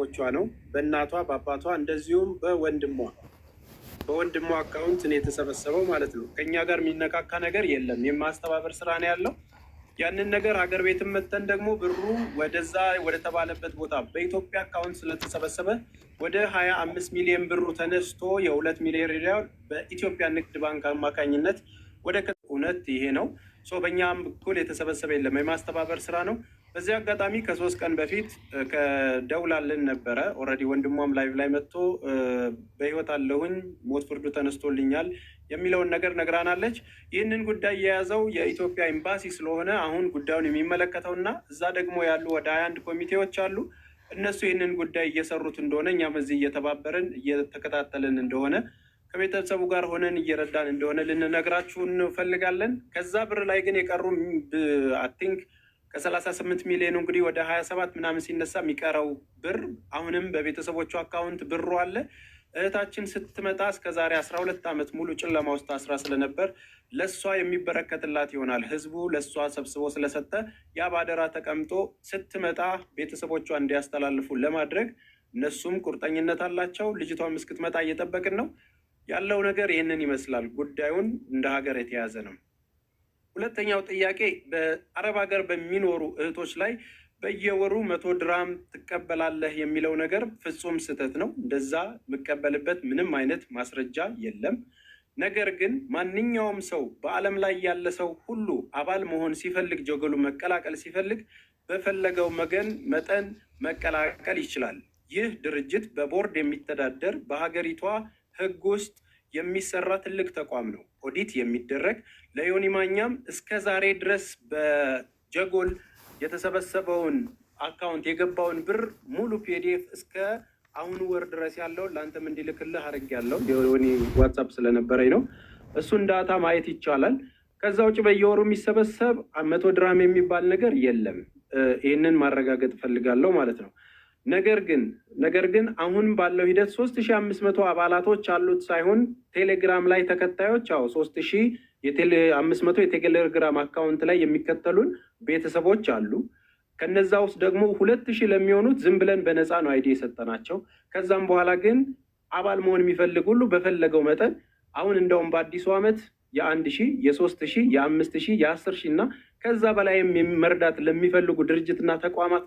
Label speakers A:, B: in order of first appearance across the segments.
A: ታላላቆቿ ነው፣ በእናቷ በአባቷ እንደዚሁም በወንድሟ በወንድሟ አካውንት ነው የተሰበሰበው ማለት ነው። ከኛ ጋር የሚነካካ ነገር የለም። የማስተባበር ስራ ነው ያለው። ያንን ነገር ሀገር ቤት መተን ደግሞ ብሩ ወደዛ ወደተባለበት ቦታ በኢትዮጵያ አካውንት ስለተሰበሰበ ወደ ሀያ አምስት ሚሊዮን ብሩ ተነስቶ የሁለት ሚሊዮን ሪያል በኢትዮጵያ ንግድ ባንክ አማካኝነት ወደ እውነት ይሄ ነው። በእኛም በኩል የተሰበሰበ የለም። የማስተባበር ስራ ነው። በዚህ አጋጣሚ ከሶስት ቀን በፊት ከደውላልን ነበረ። ኦልሬዲ ወንድሟም ላይቭ ላይ መጥቶ በህይወት አለሁኝ ሞት ፍርዱ ተነስቶልኛል የሚለውን ነገር ነግራናለች። ይህንን ጉዳይ የያዘው የኢትዮጵያ ኤምባሲ ስለሆነ አሁን ጉዳዩን እና እዛ ደግሞ ያሉ ወደ ሀያ አንድ ኮሚቴዎች አሉ እነሱ ይህንን ጉዳይ እየሰሩት እንደሆነ እኛም እዚህ እየተባበርን እየተከታተልን እንደሆነ ከቤተሰቡ ጋር ሆነን እየረዳን እንደሆነ ልንነግራችሁ እንፈልጋለን። ከዛ ብር ላይ ግን የቀሩ አይ ቲንክ ከ38 ሚሊዮን እንግዲህ ወደ 27 ምናምን ሲነሳ የሚቀረው ብር አሁንም በቤተሰቦቹ አካውንት ብሩ አለ። እህታችን ስትመጣ እስከ ዛሬ 12 ዓመት ሙሉ ጨለማ ውስጥ አስራ ስለነበር ለእሷ የሚበረከትላት ይሆናል። ህዝቡ ለእሷ ሰብስቦ ስለሰጠ ያ ባደራ ተቀምጦ ስትመጣ ቤተሰቦቿ እንዲያስተላልፉ ለማድረግ እነሱም ቁርጠኝነት አላቸው። ልጅቷም እስክትመጣ እየጠበቅን ነው ያለው ነገር ይህንን ይመስላል። ጉዳዩን እንደ ሀገር የተያዘ ነው። ሁለተኛው ጥያቄ በአረብ ሀገር በሚኖሩ እህቶች ላይ በየወሩ መቶ ድራም ትቀበላለህ የሚለው ነገር ፍጹም ስህተት ነው። እንደዛ የምቀበልበት ምንም አይነት ማስረጃ የለም። ነገር ግን ማንኛውም ሰው በዓለም ላይ ያለ ሰው ሁሉ አባል መሆን ሲፈልግ፣ ጀገሉ መቀላቀል ሲፈልግ በፈለገው መገን መጠን መቀላቀል ይችላል። ይህ ድርጅት በቦርድ የሚተዳደር በሀገሪቷ ሕግ ውስጥ የሚሰራ ትልቅ ተቋም ነው። ኦዲት የሚደረግ ለዮኒ ማኛም እስከ ዛሬ ድረስ በጀጎል የተሰበሰበውን አካውንት የገባውን ብር ሙሉ ፒዲኤፍ እስከ አሁኑ ወር ድረስ ያለው ለአንተም እንዲልክልህ ያለው የዮኒ ዋትሳፕ ስለነበረኝ ነው። እሱን ዳታ ማየት ይቻላል። ከዛ ውጭ በየወሩ የሚሰበሰብ መቶ ድራም የሚባል ነገር የለም። ይህንን ማረጋገጥ እፈልጋለሁ ማለት ነው። ነገር ግን ነገር ግን አሁን ባለው ሂደት ሶስት ሺ አምስት መቶ አባላቶች አሉት ሳይሆን ቴሌግራም ላይ ተከታዮች ው ሶስት ሺ አምስት መቶ የቴሌግራም አካውንት ላይ የሚከተሉን ቤተሰቦች አሉ። ከነዛ ውስጥ ደግሞ ሁለት ሺህ ለሚሆኑት ዝም ብለን በነፃ ነው አይዲ የሰጠናቸው። ከዛም በኋላ ግን አባል መሆን የሚፈልግ ሁሉ በፈለገው መጠን አሁን እንደውም በአዲሱ ዓመት የአንድ ሺህ የሶስት ሺህ የአምስት ሺህ የአስር ሺህ እና ከዛ በላይም መርዳት ለሚፈልጉ ድርጅትና ተቋማት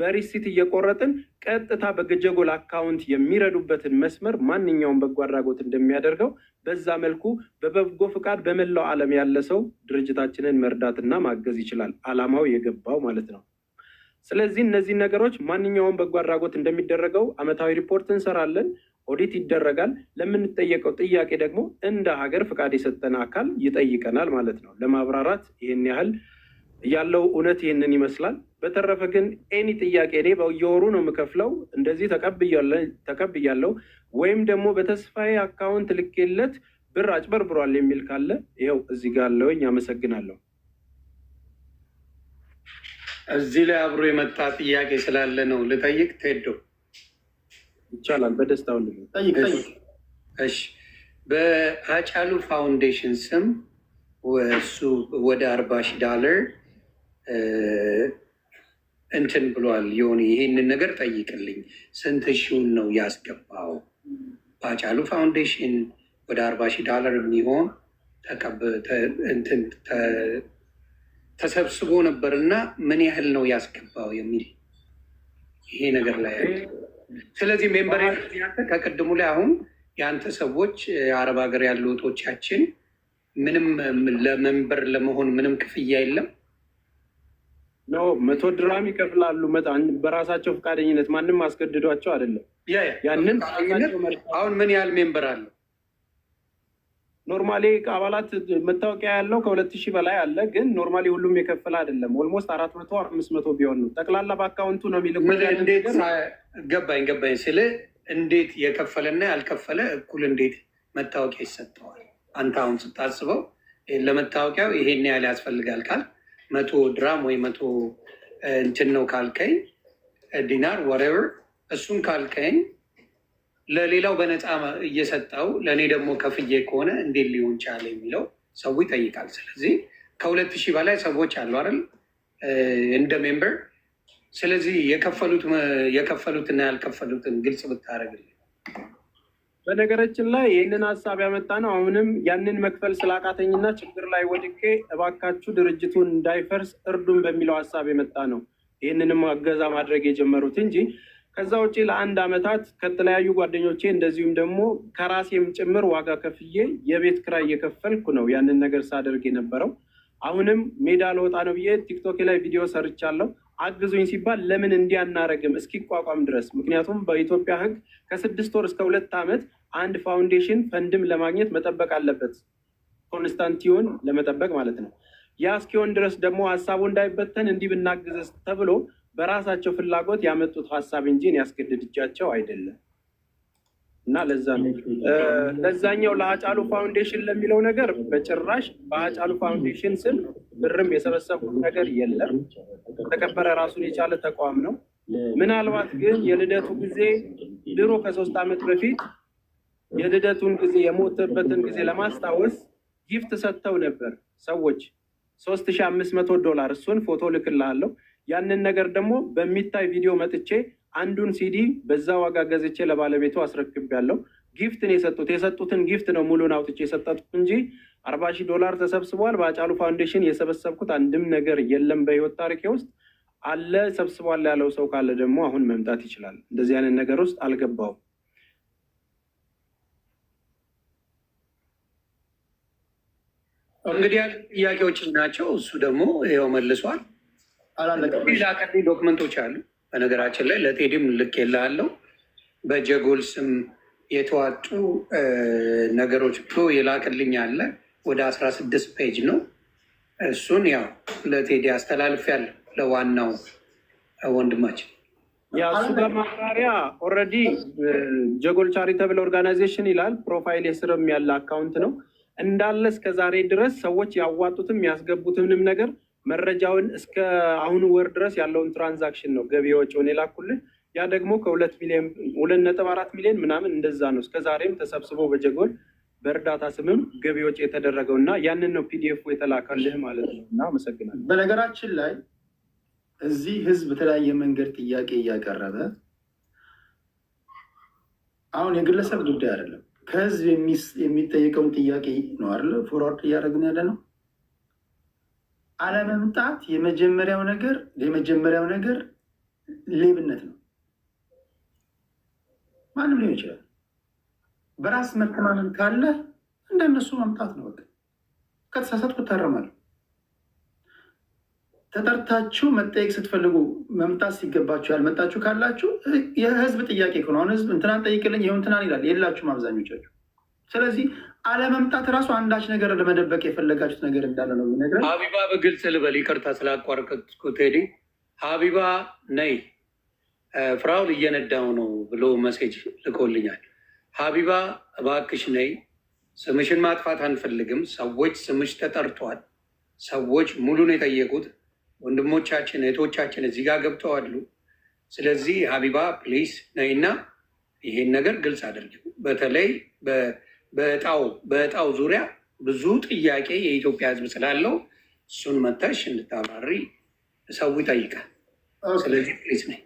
A: በሪሲት እየቆረጥን ቀጥታ በገጀጎል አካውንት የሚረዱበትን መስመር ማንኛውም በጎ አድራጎት እንደሚያደርገው በዛ መልኩ በበጎ ፍቃድ በመላው ዓለም ያለ ሰው ድርጅታችንን መርዳትና ማገዝ ይችላል። አላማው የገባው ማለት ነው። ስለዚህ እነዚህ ነገሮች ማንኛውም በጎ አድራጎት እንደሚደረገው ዓመታዊ ሪፖርት እንሰራለን፣ ኦዲት ይደረጋል። ለምንጠየቀው ጥያቄ ደግሞ እንደ ሀገር ፍቃድ የሰጠን አካል ይጠይቀናል ማለት ነው። ለማብራራት ይህን ያህል ያለው እውነት ይህንን ይመስላል። በተረፈ ግን ኤኒ ጥያቄ እኔ የወሩ ነው የምከፍለው። እንደዚህ ተቀብያለው ወይም ደግሞ በተስፋዬ አካውንት ልኬለት ብር አጭበርብሯል የሚል ካለ ይኸው እዚህ ጋር አለውኝ። አመሰግናለሁ።
B: እዚህ ላይ አብሮ የመጣ ጥያቄ ስላለ ነው ልጠይቅ። ቴዶ ይቻላል? በደስታው
C: ጠይቅ። እሺ በአጫሉ ፋውንዴሽን ስም እሱ ወደ አርባ ሺህ ዳለር እንትን ብሏል። የሆነ ይሄንን ነገር ጠይቅልኝ፣ ስንት ሺውን ነው ያስገባው? ባጫሉ ፋውንዴሽን ወደ አርባ ሺህ ዳላር የሚሆን ተሰብስቦ ነበር እና ምን ያህል ነው ያስገባው የሚል ይሄ ነገር ላይ ስለዚህ ሜምበር ከቅድሙ ላይ አሁን የአንተ ሰዎች የአረብ ሀገር ያሉ እህቶቻችን ምንም ለመንበር ለመሆን ምንም ክፍያ የለም
A: ነው መቶ ድራም ይከፍላሉ። በራሳቸው ፈቃደኝነት ማንም አስገድዷቸው አይደለም። ያንን
C: አሁን ምን ያህል ሜምበር አለ?
A: ኖርማሊ አባላት መታወቂያ ያለው ከሁለት ሺህ በላይ አለ። ግን ኖርማሊ ሁሉም የከፈለ አይደለም። ኦልሞስት አራት መቶ አምስት መቶ ቢሆን ነው ጠቅላላ በአካውንቱ ነው
C: የሚል ገባኝ ገባኝ ስል እንዴት የከፈለና ያልከፈለ እኩል እንዴት መታወቂያ ይሰጠዋል? አንተ አሁን ስታስበው ለመታወቂያው ይሄን ያህል ያስፈልጋል ካል መቶ ድራም ወይ መቶ እንትን ነው ካልከኝ ዲናር ወሬቨር እሱን ካልከኝ ለሌላው በነፃ እየሰጠው ለእኔ ደግሞ ከፍዬ ከሆነ እንዴት ሊሆን ቻለ የሚለው ሰው ይጠይቃል። ስለዚህ ከሁለት ሺህ በላይ ሰዎች አሉ አይደል እንደ ሜምበር። ስለዚህ የከፈሉትና ያልከፈሉትን ግልጽ ብታደርግልኝ
A: በነገራችን ላይ ይህንን ሀሳብ ያመጣ ነው። አሁንም ያንን መክፈል ስላቃተኝና ችግር ላይ ወድቄ እባካችሁ ድርጅቱን እንዳይፈርስ እርዱን በሚለው ሀሳብ የመጣ ነው። ይህንንም እገዛ ማድረግ የጀመሩት እንጂ ከዛ ውጭ ለአንድ አመታት ከተለያዩ ጓደኞቼ እንደዚሁም ደግሞ ከራሴም ጭምር ዋጋ ከፍዬ የቤት ክራይ እየከፈልኩ ነው ያንን ነገር ሳደርግ የነበረው። አሁንም ሜዳ ለወጣ ነው ብዬ ቲክቶክ ላይ ቪዲዮ ሰርቻለሁ። አግዙኝ ሲባል ለምን እንዲህ አናረግም እስኪቋቋም ድረስ ምክንያቱም በኢትዮጵያ ሕግ ከስድስት ወር እስከ ሁለት ዓመት አንድ ፋውንዴሽን ፈንድም ለማግኘት መጠበቅ አለበት፣ ኮንስታንቲዮን ለመጠበቅ ማለት ነው። ያ እስኪሆን ድረስ ደግሞ ሀሳቡ እንዳይበተን እንዲህ ብናግዘስ ተብሎ በራሳቸው ፍላጎት ያመጡት ሀሳብ እንጂ ያስገድድጃቸው አይደለም። እና ለዛ ነው ለዛኛው ለአጫሉ ፋውንዴሽን ለሚለው ነገር በጭራሽ በሀጫሉ ፋውንዴሽን ስም ብርም የሰበሰቡት ነገር የለም። ተከበረ ራሱን የቻለ ተቋም ነው። ምናልባት ግን የልደቱ ጊዜ ድሮ ከሶስት ዓመት በፊት የልደቱን ጊዜ የሞተበትን ጊዜ ለማስታወስ ጊፍት ሰጥተው ነበር ሰዎች ሶስት ሺህ አምስት መቶ ዶላር እሱን ፎቶ ልክልሃለሁ። ያንን ነገር ደግሞ በሚታይ ቪዲዮ መጥቼ አንዱን ሲዲ በዛ ዋጋ ገዝቼ ለባለቤቱ አስረክቤያለሁ። ጊፍትን የሰጡት የሰጡትን ጊፍት ነው ሙሉን አውጥቼ የሰጠቱት እንጂ አርባ ሺህ ዶላር ተሰብስቧል። በአጫሉ ፋውንዴሽን የሰበሰብኩት አንድም ነገር የለም በህይወት ታሪኬ ውስጥ አለ። ሰብስቧል ያለው ሰው ካለ ደግሞ አሁን መምጣት ይችላል። እንደዚህ አይነት ነገር ውስጥ አልገባውም።
C: እንግዲህ ያሉ ጥያቄዎች ናቸው። እሱ ደግሞ ይኸው መልሷል። ላከልኝ ዶክመንቶች አሉ። በነገራችን ላይ ለቴዲም ልኬልሃለሁ። በጀጎል ስም የተዋጡ ነገሮች ብሎ የላከልኝ አለ። ወደ አስራ ስድስት ፔጅ ነው። እሱን ያው ለቴዲ አስተላልፌያለሁ። ለዋናው ወንድማችን
A: ያው እሱ ኦልሬዲ ጀጎል ቻሪተብል ኦርጋናይዜሽን ይላል። ፕሮፋይል የስርም ያለ አካውንት ነው እንዳለ እስከ ዛሬ ድረስ ሰዎች ያዋጡትም ያስገቡትንም ነገር መረጃውን እስከ አሁኑ ወር ድረስ ያለውን ትራንዛክሽን ነው ገቢ ወጪውን የላኩልህ። ያ ደግሞ ከሁለት ሚሊዮን ሁለት ነጥብ አራት ሚሊዮን ምናምን እንደዛ ነው። እስከ ዛሬም ተሰብስቦ በጀጎል በእርዳታ ስምም ገቢ ወጪ የተደረገው እና ያንን ነው ፒዲኤፉ የተላከልህ ማለት ነው። እና አመሰግናለሁ።
C: በነገራችን ላይ እዚህ ህዝብ በተለያየ መንገድ ጥያቄ እያቀረበ አሁን የግለሰብ ጉዳይ አይደለም ከህዝብ የሚጠየቀውን ጥያቄ ነው አለ ፎርዋርድ እያደረግን ያለ ነው። አለመምጣት የመጀመሪያው ነገር የመጀመሪያው ነገር ሌብነት ነው። ማንም ሊሆን ይችላል። በራስ መተማመን ካለ እንደነሱ መምጣት ነው። በቃ ከተሳሳትኩ እታረማለሁ። ተጠርታችሁ መጠየቅ ስትፈልጉ መምጣት ሲገባችሁ ያልመጣችሁ ካላችሁ የህዝብ ጥያቄ ከሆነ አሁን ህዝብ እንትናን ጠይቅልኝ ይኸው እንትናን ይላል። የላችሁም አብዛኞቻችሁ። ስለዚህ አለመምጣት እራሱ አንዳች ነገር ለመደበቅ የፈለጋችሁት ነገር እንዳለ ነው የሚነግረን። ሀቢባ በግልጽ ልበል፣ ይቅርታ ስላቋረጥኩት ቴዲ። ሀቢባ ነይ ፍራውል እየነዳው ነው ብሎ መሴጅ ልኮልኛል። ሀቢባ እባክሽ ነይ፣ ስምሽን ማጥፋት አንፈልግም። ሰዎች ስምሽ ተጠርቷል። ሰዎች ሙሉን የጠየቁት ወንድሞቻችን እህቶቻችን እዚህ ጋር ገብተው አሉ። ስለዚህ ሀቢባ ፕሊስ ነይና ይሄን ነገር ግልጽ አድርጊ። በተለይ በእጣው በእጣው ዙሪያ ብዙ ጥያቄ የኢትዮጵያ ሕዝብ ስላለው እሱን መታሽ እንድታብራሪ ሰው ይጠይቃል። ስለዚህ ፕሊስ ነይ።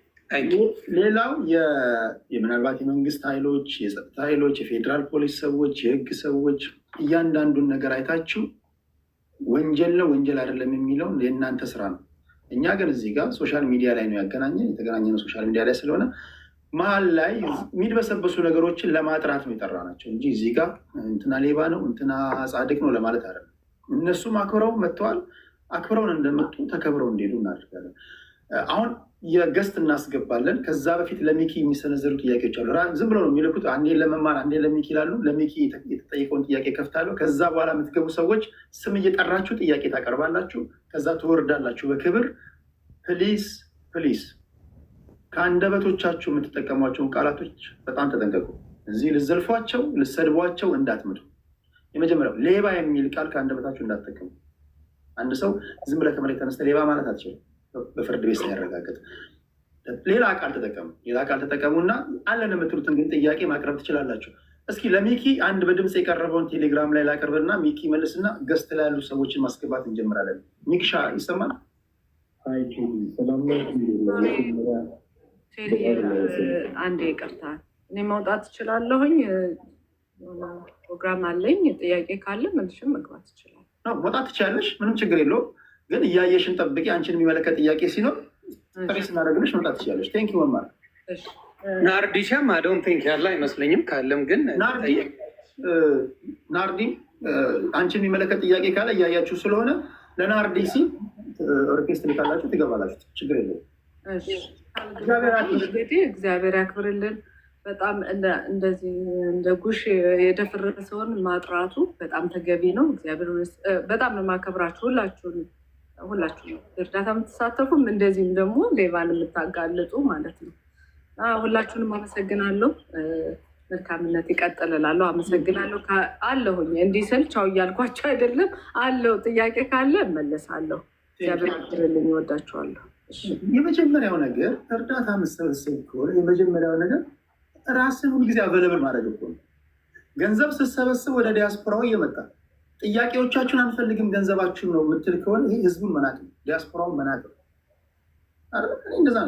A: ሌላው የመንግስት ኃይሎች፣ የጸጥታ ኃይሎች፣ የፌዴራል ፖሊስ ሰዎች፣ የህግ ሰዎች እያንዳንዱን ነገር አይታችሁ ወንጀል ነው ወንጀል አይደለም የሚለውን የእናንተ ስራ ነው። እኛ ግን እዚህ ጋር ሶሻል ሚዲያ ላይ ነው ያገናኘ የተገናኘ ነው ሶሻል ሚዲያ ላይ ስለሆነ መሀል ላይ የሚድበሰበሱ ነገሮችን ለማጥራት ነው የጠራ ናቸው እንጂ እዚህ ጋር እንትና ሌባ ነው እንትና ጻድቅ ነው ለማለት አይደለም። እነሱም አክብረው መጥተዋል። አክብረውን እንደመጡ ተከብረው እንዲሄዱ እናደርጋለን። አሁን የገስት እናስገባለን። ከዛ በፊት ለሚኪ የሚሰነዘሩ ጥያቄዎች አሉ። ዝም ብሎ ነው የሚልኩት። አንዴ ለመማር አንዴ ለሚኪ ይላሉ። ለሚኪ የተጠየቀውን ጥያቄ ከፍታለሁ። ከዛ በኋላ የምትገቡ ሰዎች ስም እየጠራችሁ ጥያቄ ታቀርባላችሁ። ከዛ ትወርዳላችሁ በክብር ፕሊስ ፕሊስ። ከአንደበቶቻችሁ የምትጠቀሟቸውን ቃላቶች በጣም ተጠንቀቁ። እዚህ ልዘልፏቸው፣ ልሰድቧቸው እንዳትምጡ። የመጀመሪያው ሌባ የሚል ቃል ከአንደበታችሁ እንዳትጠቀሙ። አንድ ሰው ዝም ብለህ ከመሬት ተነስተህ ሌባ ማለት አትችልም። በፍርድ ቤት ሳይረጋገጥ ሌላ አካል ተጠቀሙ ሌላ አካል ተጠቀሙና አለን የምትሉትን ግን ጥያቄ ማቅረብ ትችላላችሁ። እስኪ ለሚኪ አንድ በድምፅ የቀረበውን ቴሌግራም ላይ ላቀርብና ሚኪ መልስና ገስት ላይ ያሉ ሰዎችን ማስገባት እንጀምራለን። ሚክሻ ይሰማል።
D: አንድ ይቅርታ፣ እኔ መውጣት እችላለሁኝ። ፕሮግራም አለኝ። ጥያቄ ካለ መልሽም መግባት ይችላል።
A: መውጣት ትችላለች ምንም ችግር የለውም። ግን እያየሽን ጠብቂ። አንቺን የሚመለከት ጥያቄ ሲኖር ጥሪ ስናደርግልሽ መምጣት ትችላለች። ቴንክ ዩ መማር
C: ናርዲሻም አዶን ቴንክ ያለ አይመስለኝም። ካለም ግን
A: ናርዲ አንቺን የሚመለከት ጥያቄ ካለ እያያችሁ ስለሆነ ለናርዲ ሲ ሪኩዌስት ልካላችሁ ትገባላችሁ። ችግር የለም።
D: እግዚአብሔር ያክብርልን። በጣም እንደዚህ እንደ ጉሽ የደፈረሰውን ማጥራቱ በጣም ተገቢ ነው። እግዚአብሔር በጣም ነው የማከብራችሁ ሁላችሁንም። ሁላችሁ ነው እርዳታ የምትሳተፉም እንደዚህም ደግሞ ሌባን የምታጋልጡ ማለት ነው። ሁላችሁንም አመሰግናለሁ። መልካምነት ይቀጥልላለሁ። አመሰግናለሁ። አለሁኝ እንዲህ ስል ቻው እያልኳቸው አይደለም፣ አለው ጥያቄ ካለ እመለሳለሁ። ያብራርልኝ። ይወዳቸዋለሁ።
A: የመጀመሪያው ነገር እርዳታ መሰብሰብ ከሆነ የመጀመሪያው ነገር ራስን ሁልጊዜ አበለብል ማድረግ ነው። ገንዘብ ስሰበስብ ወደ ዲያስፖራው እየመጣ ጥያቄዎቻችሁን አንፈልግም ገንዘባችሁን ነው የምትል ከሆነ ይህ ህዝቡን መናቅ ነው፣ ዲያስፖራውን መናቅ ነው። እንደዛ ነው።